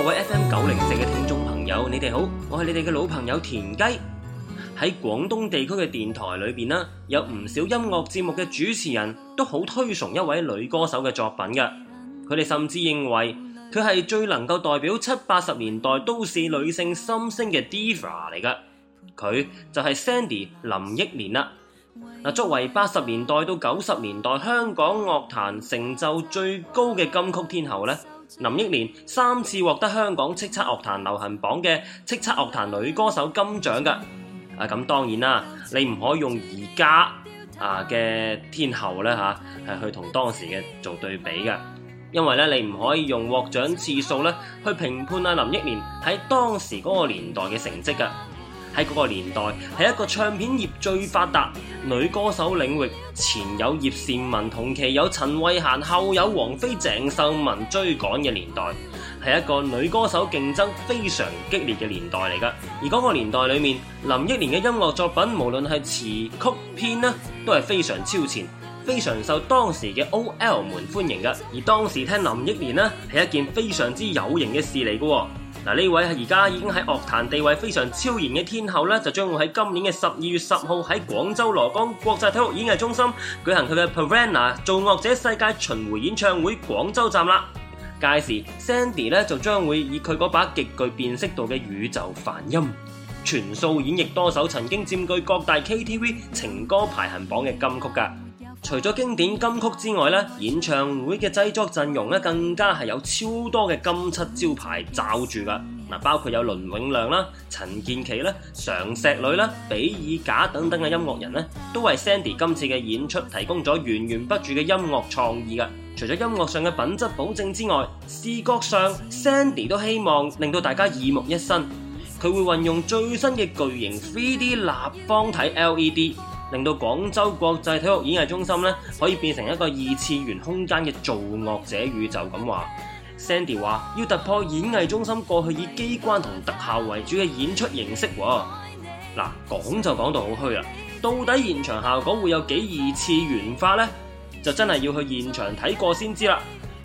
各位 FM 九零四嘅聽眾朋友，你哋好，我係你哋嘅老朋友田雞。喺廣東地區嘅電台裏邊啦，有唔少音樂節目嘅主持人都好推崇一位女歌手嘅作品㗎，佢哋甚至認為佢係最能夠代表七八十年代都市女性心聲嘅 Diva 嚟㗎。佢就係 Sandy 林憶蓮啦。嗱，作為八十年代到九十年代香港樂壇成就最高嘅金曲天后呢。林憶蓮三次獲得香港叱咤樂壇流行榜嘅叱咤樂壇女歌手金獎噶，啊咁當然啦，你唔可以用而家啊嘅天后咧吓，係、啊、去同當時嘅做對比嘅，因為咧你唔可以用獲獎次數咧去評判阿、啊、林憶蓮喺當時嗰個年代嘅成績噶。喺嗰個年代，係一個唱片業最發達女歌手領域，前有葉倩文，同期有陳慧嫻，後有王菲、鄭秀文追趕嘅年代，係一個女歌手競爭非常激烈嘅年代嚟噶。而嗰個年代裏面，林憶蓮嘅音樂作品，無論係詞曲編啦，都係非常超前、非常受當時嘅 OL 們歡迎噶。而當時聽林憶蓮呢，係一件非常之有型嘅事嚟噶。嗱呢位而家已經喺樂壇地位非常超然嘅天后咧，就將會喺今年嘅十二月十號喺廣州蘿崗國際體育演藝中心舉行佢嘅 Pavana 做樂者世界巡迴演唱會廣州站啦。屆時 Sandy 咧就將會以佢嗰把極具辨識度嘅宇宙梵音，全數演繹多首曾經佔據各大 KTV 情歌排行榜嘅金曲㗎。除咗經典金曲之外咧，演唱會嘅製作陣容咧更加係有超多嘅金漆招牌罩住噶。嗱，包括有倫永亮啦、陳建騏啦、常石磊啦、比爾賈等等嘅音樂人咧，都為 Sandy 今次嘅演出提供咗源源不絕嘅音樂創意噶。除咗音樂上嘅品質保證之外，視覺上 Sandy 都希望令到大家耳目一新。佢會運用最新嘅巨型 3D 立方體 LED。令到廣州國際體育演藝中心咧可以變成一個二次元空間嘅造樂者宇宙咁話。Sandy 話要突破演藝中心過去以機關同特效為主嘅演出形式嗱、啊、講就講到好虛啊！到底現場效果會有幾二次元化咧？就真係要去現場睇過先知啦。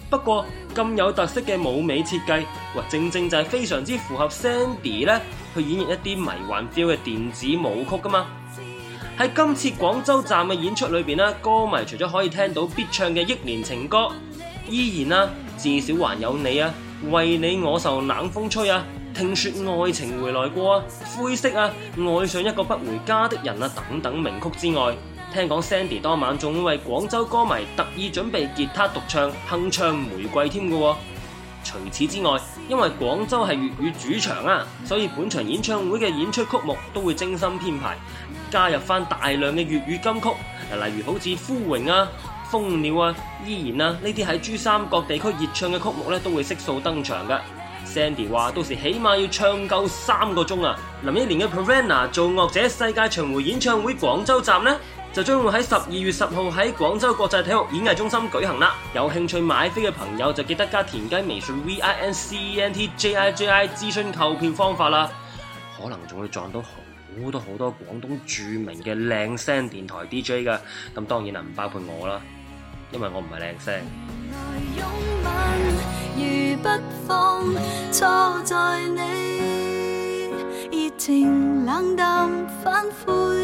不過咁有特色嘅舞美設計，正正就係非常之符合 Sandy 咧去演繹一啲迷幻 feel 嘅電子舞曲噶嘛。喺今次廣州站嘅演出裏邊啦，歌迷除咗可以聽到必唱嘅憶年情歌，依然啦，至少還有你啊，為你我受冷風吹啊，聽說愛情回來過啊，灰色啊，愛上一個不回家的人啊，等等名曲之外，聽講 Sandy 當晚仲為廣州歌迷特意準備吉他獨唱《鏗鏘玫瑰》添嘅。除此之外，因為廣州係粵語主場啊，所以本場演唱會嘅演出曲目都會精心編排，加入翻大量嘅粵語金曲，例如好似《枯榮》啊、《蜂鳥》啊、《依然》啊呢啲喺珠三角地區熱唱嘅曲目咧，都會悉數登場噶。Sandy 話：到時起碼要唱夠三個鐘啊！林憶蓮嘅《Prayna》做樂者世界巡回演唱會廣州站咧。就將會喺十二月十號喺廣州國際體育演藝中心舉行啦！有興趣買飛嘅朋友就記得加田雞微信 v i n c e n t j i j i 諮詢購票方法啦！可能仲會撞到好多好多廣東著名嘅靚聲電台 DJ 噶。咁當然啦，唔包括我啦，因為我唔係靚聲。